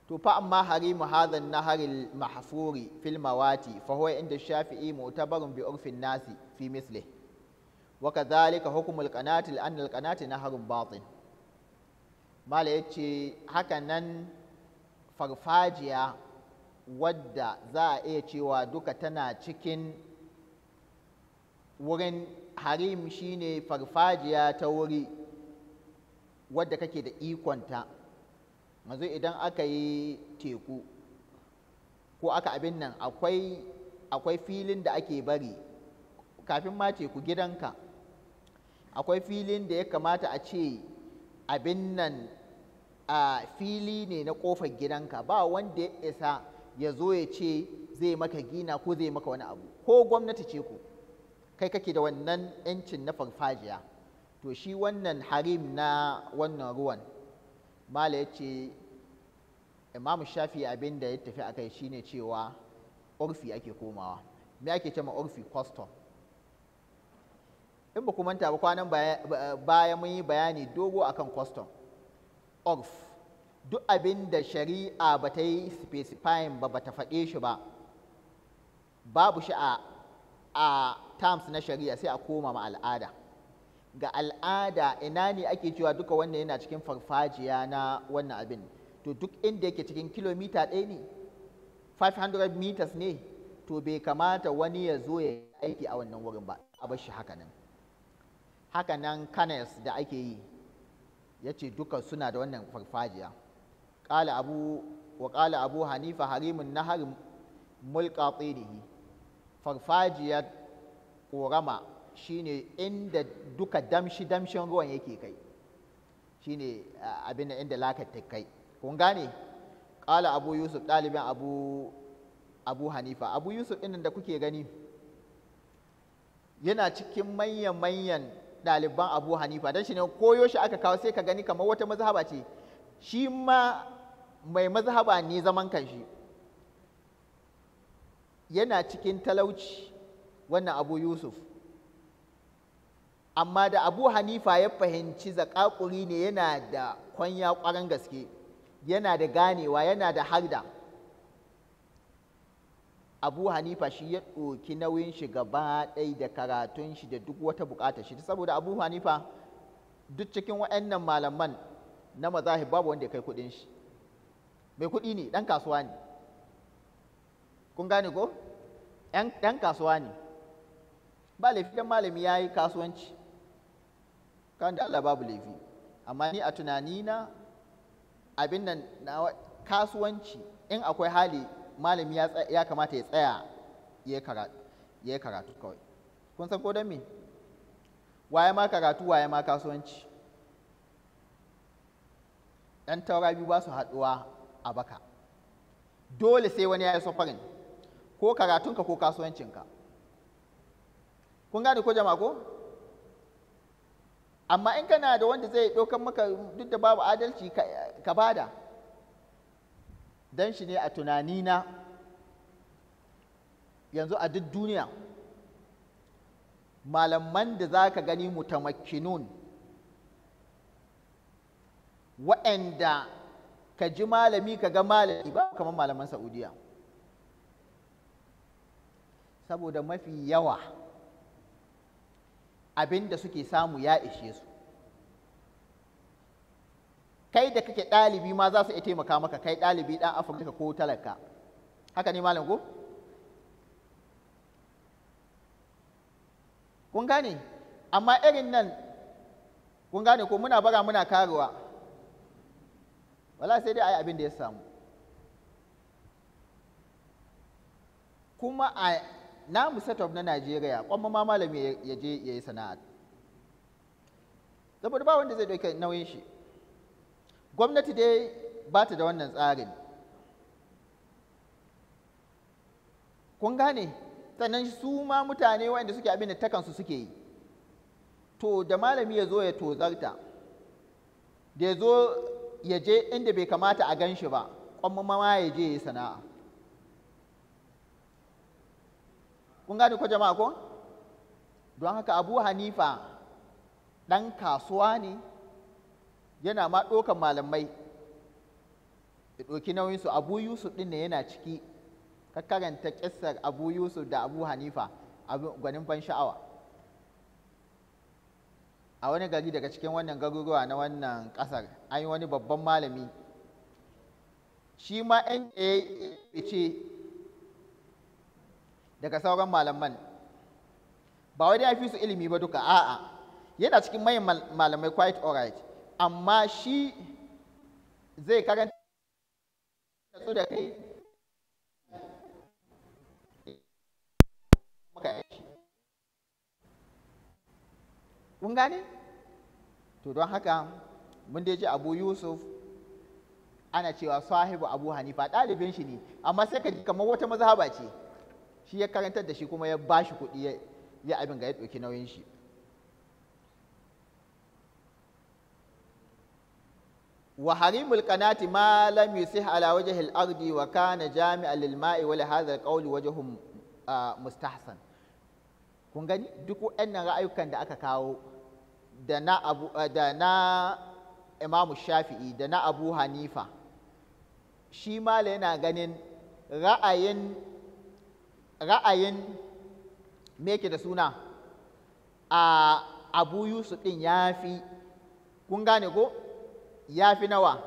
to fa amma harimu hadha na harin al-mahfuri fil mawati fa huwa inda shafi'i mu'tabarun bi urfin nasi fi misli wa kadhalika hukm al-qanati an al-qanati nahrun batin mala yace haka nan farfajiya wadda za a iya cewa duka tana cikin wurin harim shine farfajiya ta wuri wadda kake da ikonta yanzu idan aka yi teku ko aka abin nan akwai akwai filin da ake bari kafin ma teku gidanka akwai filin da ya kamata a ce abin nan a fili ne na kofar gidanka ba wanda ya isa ya zo ya ce zai maka gina ko zai maka wani abu ko gwamnati ce ku kai kake da wannan 'yancin na farfajiya to shi wannan harim na wannan ruwan mala ya ce imamu shafi abin da ya tafi a kai ne cewa urfi ake komawa me ake ce ma urfi custom in ba ku manta ba kwanan baya mun yi bayani dogo akan custom urf duk abin da shari'a ba ta yi specifying ba ba ta faɗe shi ba babu shi a terms na shari'a sai a koma ma al'ada ga al'ada ina ne ake cewa duka wannan yana cikin farfajiya na wannan abin to duk inda yake cikin kilomita ɗaya ne 500 meters ne to bai kamata wani ya zo ya aiki a wannan wurin ba a bar shi haka nan haka nan canals da ake yi ya ce duka suna da wannan farfajiya ƙala abu wa ƙala abu hanifa harimun nahar mulka farfajiyar ƙorama shine inda duka damshi damshin ruwan yake kai shine abin da inda lakar ta kai kun gane ƙala abu yusuf ɗalibin abu hanifa abu yusuf ɗin da kuke gani yana cikin manyan manyan ɗaliban abu hanifa don shi ne koyo shi aka kawo sai ka gani kamar wata mazhaba ce shi ma mai mazhaba ne zaman kanshi yana cikin talauci wannan abu yusuf amma da abu hanifa ya fahimci zakakuri ne yana da kwanya kwaran gaske yana da ganewa yana da harda abu hanifa shi ya ɗoki nauyin shi gaba ɗai da karatun shi da duk wata buƙatar shi saboda abu hanifa duk cikin waɗannan malaman na mazahib babu wanda ya kai kuɗin shi mai kuɗi ne ɗan kasuwa ne kun gane ko ɗan kasuwa ne ba laifin malami ya yi kasuwanci kan da Allah babu laifi amma ni a tunanina abin nan na kasuwanci in akwai hali malami ya kamata ya tsaya ya yi karatu kawai kun san ko don me waye ma karatu waye ma kasuwanci ɗan taura biyu ba su haɗuwa a baka dole sai wani ya yi sufarin ko karatunka ko kasuwancinka kun gane ko jama'a ko amma in kana da wanda zai ɗaukan maka duk da babu adalci ka bada don shi ne a tunanina yanzu a duk duniya malaman da za ka gani mutamakinun waɗanda ka ji malami ka ga malami ba kamar malaman saudiya saboda mafi yawa abin da suke samu ya ishe su kai da kake ɗalibi ma za su iya taimaka maka kai ɗalibi ɗan afirka ko talaka haka ne malam ku? kun gane amma irin nan kun gane ko muna bara muna karuwa. wala sai dai a yi abin da ya samu kuma a namu setup na Najeriya kwamma ma malami ya je ya yi sana'a saboda ba wanda zai ɗauke nauyin shi gwamnati dai ba ta da wannan tsarin kun gane sannan su ma mutane waɗanda suke abin da takansu suke yi to da malami ya zo ya tozarta da ya zo ya je inda bai kamata a gan shi ba kwamma ma ya je ya yi sana'a kun gane ko jama'a ko don haka abu hanifa ɗan kasuwa ne yana ma malamai da ɗauki su abu yusuf ɗin ne yana ciki ka karanta ƙissar abu yusuf da abu hanifa a gwanin ban sha'awa a wani gari daga cikin wannan garuruwa na wannan ƙasar an yi wani babban malami shi ma 'yan ce daga sauran malaman ba wai ya fi su ilimi ba duka a'a yana cikin mayan malamai quite alright amma shi zai karanta su da kai kun gane to don haka mun dai ji abu yusuf ana cewa sahibu abu hanifa ɗalibin shi ne amma sai ka ji kamar wata mazhaba ce shi ya karantar da shi kuma ya ba shi kuɗi ya abin ga ya ɗauki nauyin shi wa harimul qanati ma lam yusih ala wajhi al-ardi wa kana jami'an lil ma'i wa li hadha al-qawl wajhum mustahsan kun gani duk wannan ra'ayukan da aka kawo da na abu da na imamu shafi'i da na abu hanifa shi ma yana ganin ra'ayin ra'ayin meke da suna a abu yusuf ɗin ya fi kun gane ko ya fi nawa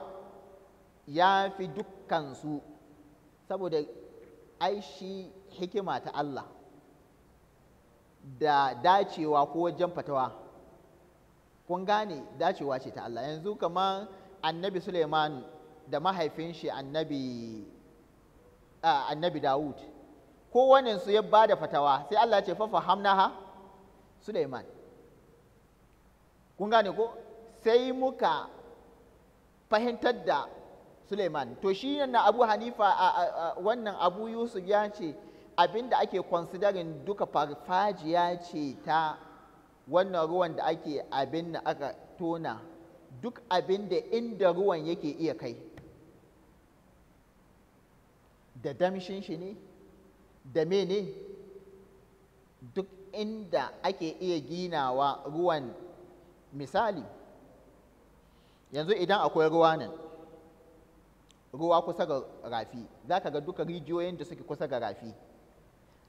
ya fi dukkansu saboda aishi hikima ta Allah da dacewa ko wajen fatawa kun gane dacewa ce ta Allah yanzu kamar annabi Suleiman da mahaifin shi annabi annabi Dawud kowane su ya bada fatawa sai Allah ce fa fahamnaha Suleiman. kun gane ko sai muka fahimtar da Suleiman to shi na Abu Hanifa a, wannan Abu Yusuf ya ce abinda ake considering duka farfajiya ce ta wannan ruwan da ake abin da aka tona duk abin da inda ruwan yake iya kai da damshin shi ne da mene duk inda ake iya ginawa ruwan misali yanzu idan akwai ruwa nan ruwa kusa ga rafi za ka ga duka rijiyoyin da suke kusa ga rafi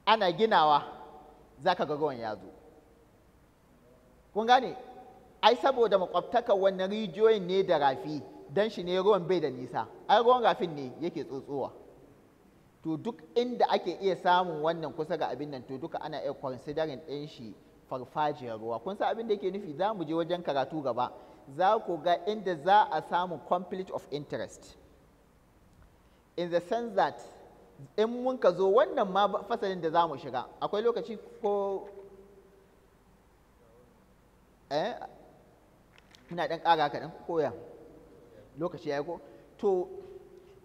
ana ginawa za ka ga ruwan ya zo kun gane ai saboda makwabtaka wannan rijiyoyin ne da rafi don shi ne ruwan bai da nisa ai ruwan rafin ne yake tsotsowa to duk inda ake iya samun wannan kusa ga abin nan to duka ana iya considering ɗin shi farfajiyar ruwa kun san abin da yake nufi za mu je wajen karatu gaba za ku ga inda za a samu conflict of interest in the sense that in mun ka zo wannan ma fasalin da za mu shiga akwai lokaci ko eh ina ɗan ka kaɗan koya lokaci ya yi ko to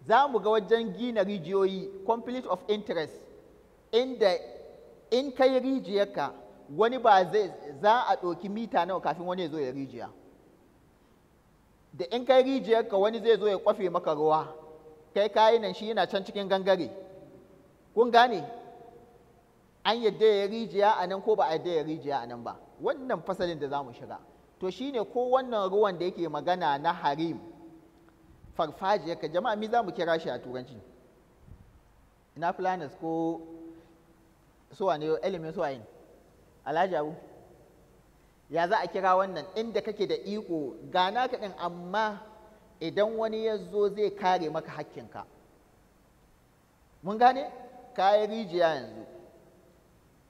za mu ga wajen gina rijiyoyi conflict of interest inda in kai rijiyarka wani ba zai za a ɗauki mita nawa kafin wani ya zo ya rijiya da in kai rijiyarka wani zai zo ya kwafe maka ruwa kai kayi nan shi yana can cikin gangare kun gane an yadda ya rijiya a nan ko ba a yadda ya rijiya a nan ba wannan fasalin da za mu shiga to shine ko wannan ruwan da yake magana na harim farfajiyar ka jama'a mi za mu kira shi a turanci ina planes ko suwa ne ilimin suwa yin alhaji ya za a kira wannan inda kake da iko gana ka ɗin amma idan wani ya zo zai kare maka hakkinka mun gane ka yi rijiya yanzu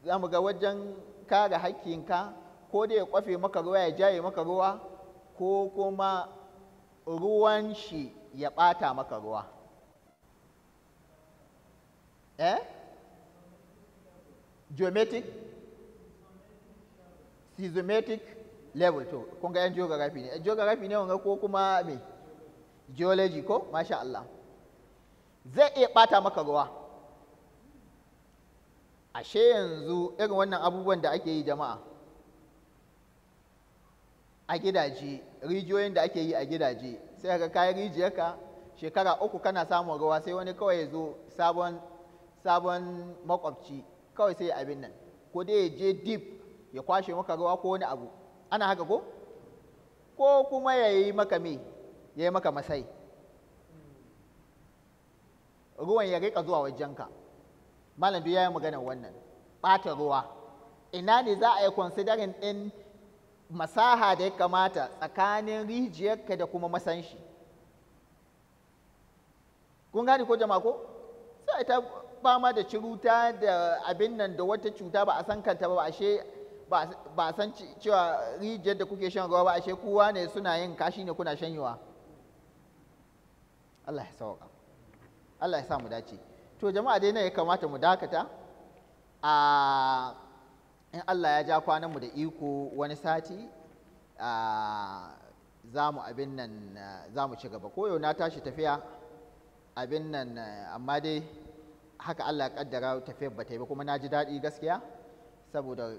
za mu ga wajen kare hakkinka ko dai ya kwafe maka ruwa ya jaye maka ruwa ko kuma ruwan shi ya ɓata maka ruwa eh geometric seismic level to kun ga yan geography ne geography ne wanga ko kuma me geology ko masha Allah zai iya ɓata maka ruwa ashe yanzu irin wannan abubuwan da ake yi jama'a a gidaje rijiyoyin da ake yi a gidaje sai ka kayi rijiyarka shekara uku kana samun ruwa sai wani kawai zo sabon sabon makwabci kawai sai abin nan ko dai ya je deep ya kwashe maka ruwa ko wani abu ana haka ko ko kuma ya yi maka me ya yi maka masai ruwan ya rika zuwa wajen ka. malam duk ya yi maganar wannan ɓata ruwa ina ne za a yi considering ɗin masaha da ya kamata tsakanin rijiyarka da kuma masan shi kun gane ko jama'a ko sai ta fama da ciruta da abin nan da wata cuta ba a san kanta ba ashe ba a san cewa rijiyar da kuke shan ruwa ba ashe kowa ne suna yin kashi ne kuna shanyewa Allah ya sauka Allah ya sa mu dace to jama'a dai na ya kamata mu dakata a ah, in Allah ya ja kwananmu da iko wani sati za mu abin nan za mu ci gaba koyo na tashi tafiya abin nan amma dai haka Allah ya kaddara tafiyar ba ta yi ba kuma na ji daɗi gaskiya saboda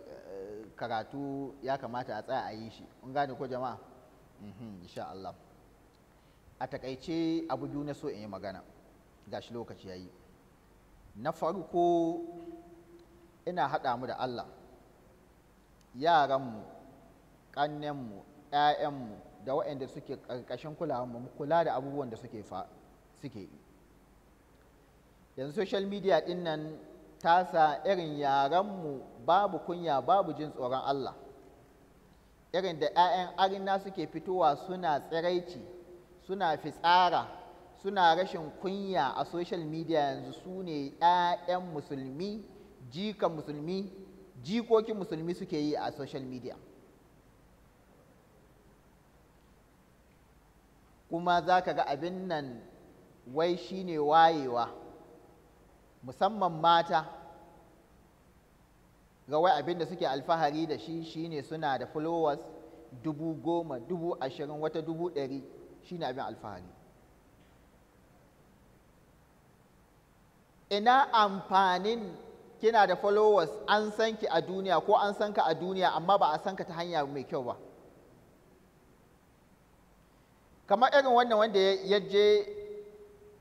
karatu ya kamata a tsaya a yi shi in gane ko jama'a mhm, insha Allah a takaice abu biyu na so in yi magana gashi lokaci ya yi na farko ina haɗa mu da Allah yaranmu ƙannenmu ƴaƴanmu da waɗanda suke ƙarƙashin kulawanmu mu kula da abubuwan da suke suke yanzu social media ɗin nan ta sa irin yaranmu babu kunya babu jin tsoron Allah irin da 'ya'yan arna suke fitowa suna tsiraici suna fitsara suna rashin kunya a social media yanzu su ne 'ya'yan musulmi jikan musulmi jikokin musulmi suke yi a social media kuma za ka ga abin nan wai shine wayewa musamman mata ga wai abin da suke alfahari da shi shine suna da followers dubu goma dubu ashirin wata dubu ɗari shine abin alfahari ina amfanin kina da followers an san ki a duniya ko an san ka a duniya amma ba a san ka ta hanya mai kyau ba kamar irin wannan wanda ya je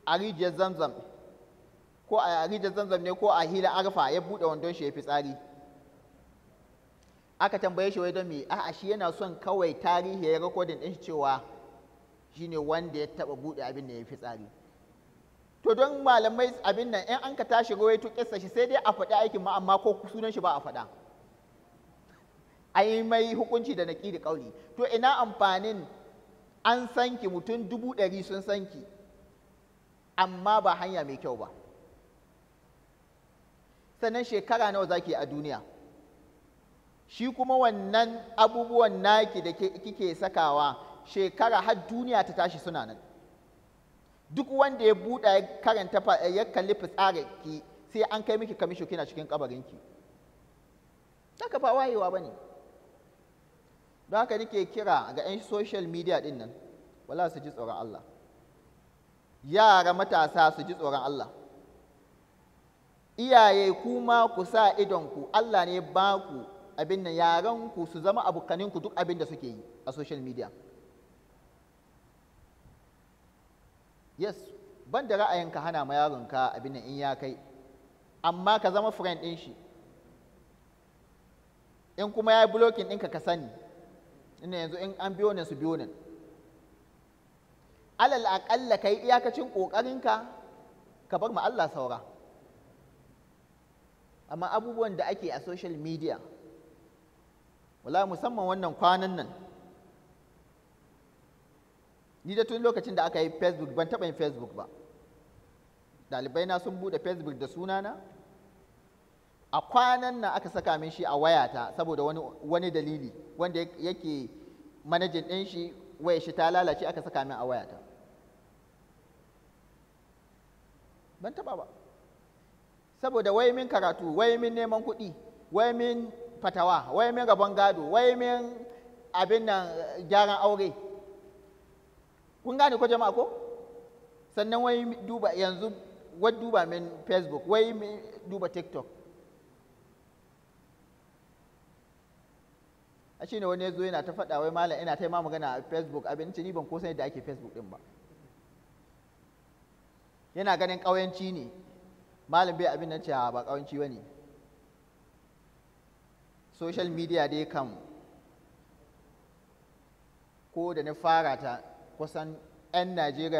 a rijiyar zamzam ko a rijiyar zamzam ne ko a hila arfa ya buɗe wandon shi ya fi tsari aka tambaye shi wai don me a shi yana son kawai tarihi ya rikodin ɗin shi cewa shine wanda ya taɓa buɗe abin da ya fi tsari to don malamai abin nan in an ka tashi to kissa shi sai dai a faɗi aikin ma amma ko sunan shi ba a faɗa ai mai hukunci da naki da kauli to ina amfanin an san ki mutum dubu ɗari sun sanki amma ba hanya mai kyau ba sannan shekara nawa zaki a duniya shi kuma wannan abubuwan naki da kike sakawa shekara har duniya ta tashi suna nan duk wanda ya buɗa ya karanta ya kalli ki sai an kai miki kamisho kina cikin kabarinki Ta ba wayewa ba ne don haka nake kira ga 'yan social media ɗin nan wala su ji tsoron Allah yara matasa su ji tsoron Allah iyaye kuma ku sa idonku Allah ne ba ku abin nan yaranku su zama abokaninku duk abin da suke yi a social media yes ban da ra'ayin ka hana ma yaronka abin nan in ya kai amma ka zama friend din shi in kuma ya yi blocking ɗinka ka sani ina yanzu in an biyo ne su biyo ne alal aƙalla ka yi iyakacin ƙoƙarinka ka bar ma Allah saura amma abubuwan da ake a social media wala musamman wannan kwanan nan ni da tun lokacin da aka yi facebook ban taɓa yin facebook ba dalibai na sun buɗe facebook da sunana a kwanan nan aka saka min shi a wayata saboda wani, wani dalili wanda yake manajin ɗin shi waya shi ta lalace aka saka min a wayata ban taɓa ba saboda wai min karatu wai min neman kuɗi wai min fatawa wai min rabon gado wai min abin nan gyaran aure kun gane ko jama'a ko sannan wai duba yanzu wai duba min facebook wai duba tiktok a shi ne wani ya zo yana ta faɗa wai mala ina ta ma magana a facebook abinci ni ban ko yadda ake facebook ɗin ba yana ganin ƙauyanci ne malam bai abin nan ce ba ƙauyanci ba ne social media dai kam ko da na fara ta kusan 'yan najeriya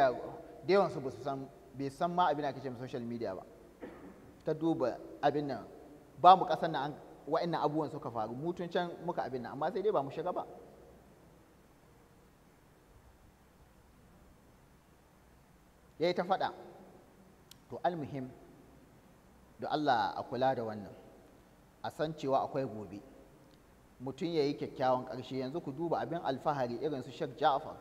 da yawansu ba su san bai san ma abin da ake cewa social media ba ta duba abin nan ba mu ƙasar na wa'annan abubuwan suka faru mutun can muka abin nan amma sai dai ba mu shiga ba yayi ta faɗa to almuhim da Allah a kula da wannan a san cewa akwai gobe mutum ya yi kyakkyawan ƙarshe yanzu ku duba abin alfahari irin su Sheikh Ja'far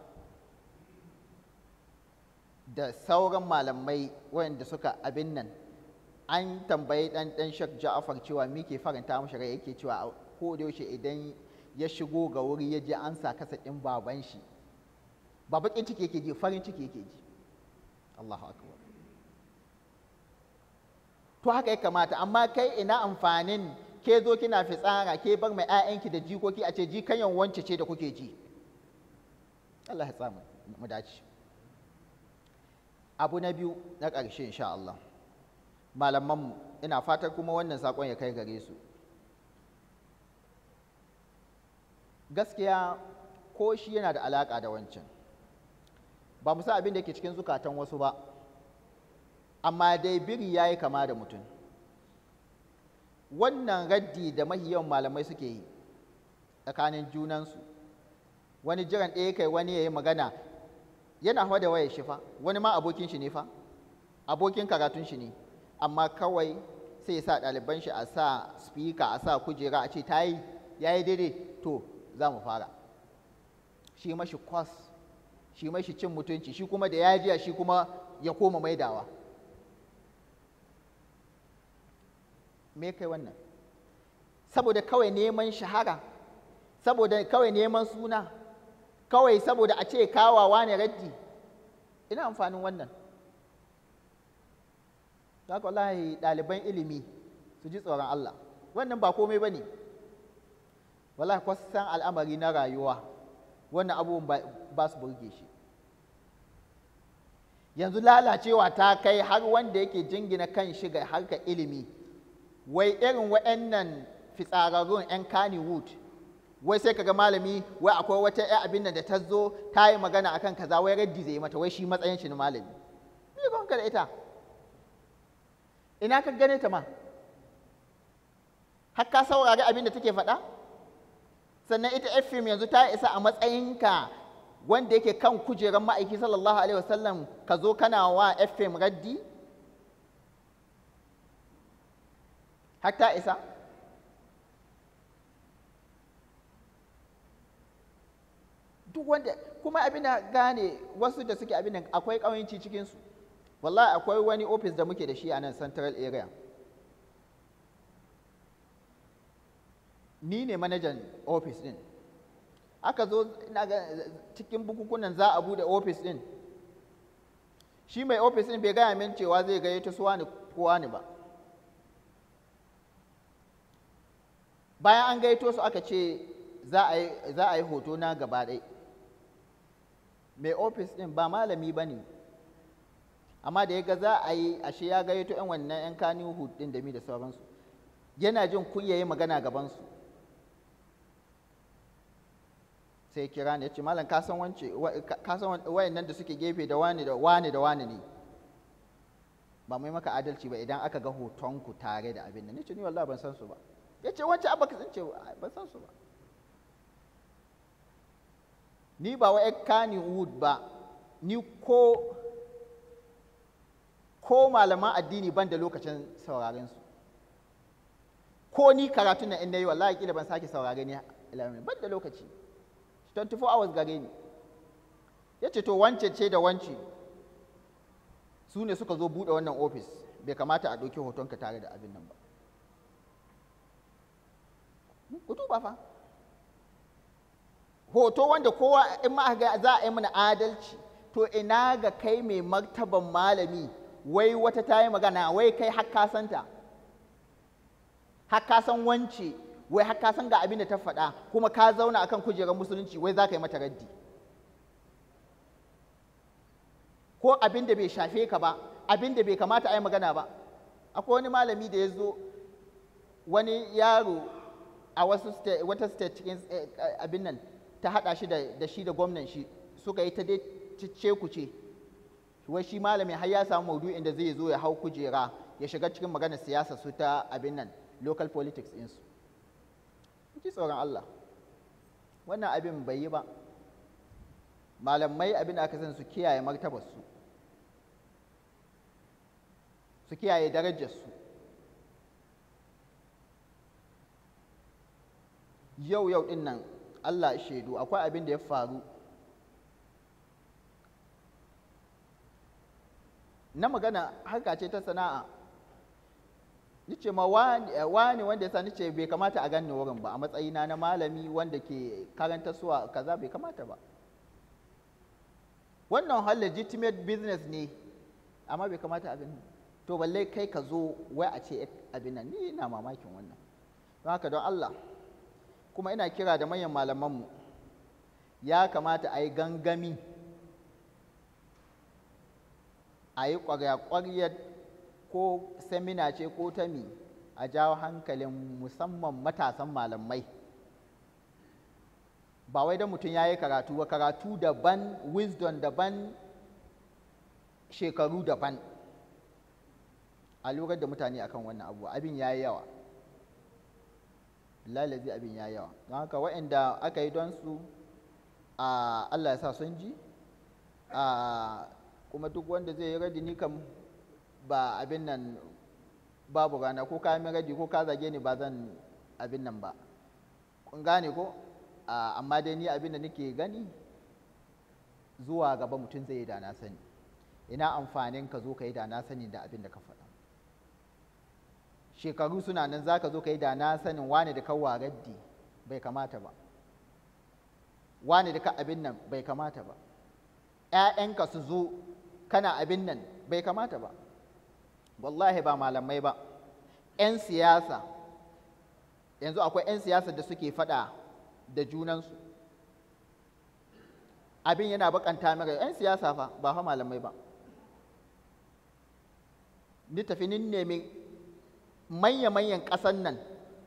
da sauran malamai wayanda suka abin nan an tambayi dan dan shak Ja'far cewa me ke faranta mashi rai yake cewa ko da yaushe idan ya shigo ga wuri ya je an sa kasa din baban shi ba bakin ciki yake ji farin ciki yake ji Allahu akbar to haka ya kamata amma kai ina amfanin ke zo kina fitsara ke bar mai 'ya'yanki da jikoki a ce ji jikanyan wance ce da kuke ji Allah ya tsamu mu dace abu na biyu na ƙarshe insha Allah malamanmu ina fatar kuma wannan saƙon ya kai gare su gaskiya ko shi yana da alaƙa da wancan ba mu sa abin da ke cikin zukatan wasu ba amma dai biri ya yi kama da mutum wannan raddi da mahiyan malamai suke yi tsakanin junansu wani jiran ɗaya kai wani ya yi magana yana hawa da wayar shi fa wani ma abokin shi ne fa abokin karatun shi ne amma kawai sai ya sa ɗaliban shi a sa speaker a sa kujera a ce ta yi ya yi daidai to za mu fara shi mashi kwas shi mashi cin mutunci shi kuma da yajiya shi kuma ya koma maidawa me kai wannan saboda kawai neman shahara saboda kawai neman suna kawai saboda a ce kawawa ne raddi ina amfanin wannan za ku lahi ɗaliban ilimi su ji tsoron Allah wannan ba komai ba ne wallahi kwasan al'amari na rayuwa wannan abubuwan ba su burge shi yanzu lalacewa ta kai har wanda yake jingina kan shiga ga harkar ilimi wai irin waɗannan fitsararrun 'yan kannywood wai sai kaga malami wai akwai wata ƴa abin nan da ta zo ta yi magana akan kaza wai raddi zai mata wai shi matsayin shi na malami me da ita ina ka gane ta ma har ka saurari abin da take faɗa sannan ita fm yanzu ta isa a matsayinka wanda yake kan kujeran ma'aiki sallallahu alaihi wasallam ka zo kana wa fm raddi har ta isa duk wanda kuma abin gane wasu da suke abin akwai ƙawanci cikinsu. su wallahi akwai wani ofis da muke da shi a nan central area ni ne manajan ofis din aka zo ina ga cikin bukukunan za a bude ofis din shi mai ofis din bai gaya min cewa zai ta su wani kowa ne ba bayan an gayyato su aka ce za a yi hoto na gaba ɗaya mai ofis ɗin ba malami ba ne amma da ya ga za a yi ashe ya gayyato 'yan wannan 'yan kanihu hud ɗin da mi da sauransu yana jin kunya yi magana gabansu sai kira ne ya ce malam ka san wance ka san wayannan da suke gefe da wani da wani da wani ne ba mai maka adalci ba idan aka ga hotonku tare da abin nan ce ni wallahi ban san su ba ya ce wance abba ka san ce ban san su ba ni ba wa ekani wood ba ni ko ko malaman addini ban da lokacin sauraren su ko ni karatun na inda yi wallahi kila ban sake saurare ni ban da lokaci 24 hours gare ni yace to wance ce da wance su ne suka zo buɗe wannan ofis bai kamata a ɗauki hotonka tare da abin nan ba ku duba fa hoto wanda kowa in ma ga za a yi mana adalci to ina ga kai mai martaban malami wai wata ta yi magana wai kai hakka santa hakka wance wai hakka ga abin da ta faɗa kuma ka zauna akan kujerar musulunci wai za ka yi mata raddi ko abin da bai shafe ka ba abin da bai kamata a yi magana ba akwai wani malami da ya zo wani yaro a wata state cikin eh, abin nan ta haɗa shi da shi da gwamnan shi suka yi ta dai cicce ce, wai shi malami har ya samu maudu'in da zai zo ya hau kujera ya shiga cikin maganar siyasa su ta abin nan local politics su ji tsoron Allah wannan abin bai yi ba malamai abin da aka san su kiyaye martabarsu su kiyaye darajarsu yau yau din nan Allah shaidu akwai abin da ya faru na magana harka ce ta sana'a ni ce ma wani eh, wanda ya sa ce bai kamata a ganin wurin ba a matsayina na malami wanda ke karanta suwa kaza bai kamata ba wannan hal legitimate business ne amma bai kamata a ganin to balle kai ka zo wai a ce eh, abin nan ni ina mamakin wannan don haka don Allah kuma ina kira da manyan malamanmu ya kamata a yi gangami a yi ƙwarya ko semina ce ko tami a jawo hankalin musamman matasan malamai ba wai da mutum ya yi karatu ba karatu daban wisdom daban shekaru daban a lura da mutane akan wannan abu abin ya yi yawa lalabi abin ya yawa don haka waɗanda aka yi don su a Allah ya sa sun ji a kuma duk wanda zai yi radini kam ba abin nan babu rana ko ka min radi ko ka zage ni ba zan abin nan ba kun gane ko amma dai ni abin da nake gani zuwa gaba mutum zai yi da na sani ina amfanin ka zo ka yi da na sani da abin da ka faɗa shekaru suna nan za ka zo ka yi da na sanin wane da kawwa raddi bai kamata ba wane da ka abin nan bai kamata ba ‘ya'yanka su zo kana abin nan bai kamata ba wallahi ba malamai ba ‘yan siyasa yanzu akwai ‘yan siyasa da suke faɗa da junansu abin yana bakanta mara ‘yan siyasa fa ba fa malamai ba ni tafi nin nemi manya-manyan ƙasan nan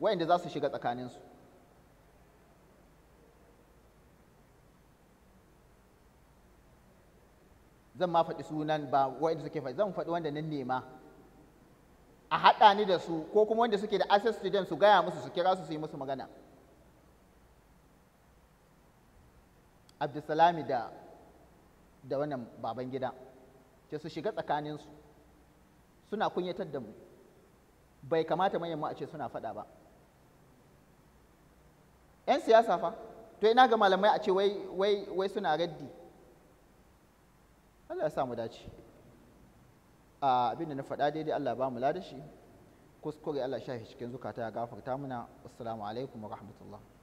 waɗanda za su shiga tsakaninsu zan ma faɗi sunan ba waɗanda suke faɗi zan faɗi wanda nan nema a haɗa ni da su ko kuma wanda suke da access to them su gaya musu su kira su su yi musu magana abdulsalami da da wannan baban gida ce su shiga tsakaninsu suna kunyatar da mu bai kamata manyan mu a suna faɗa ba 'yan siyasa fa to ina ga malamai a ce wai suna raddi Allah ya samu dace a abinda na faɗa daidai Allah ba mu ladashi kuskure Allah shafi cikin zukata ya gafarta muna assalamu alaikum wa rahmatullah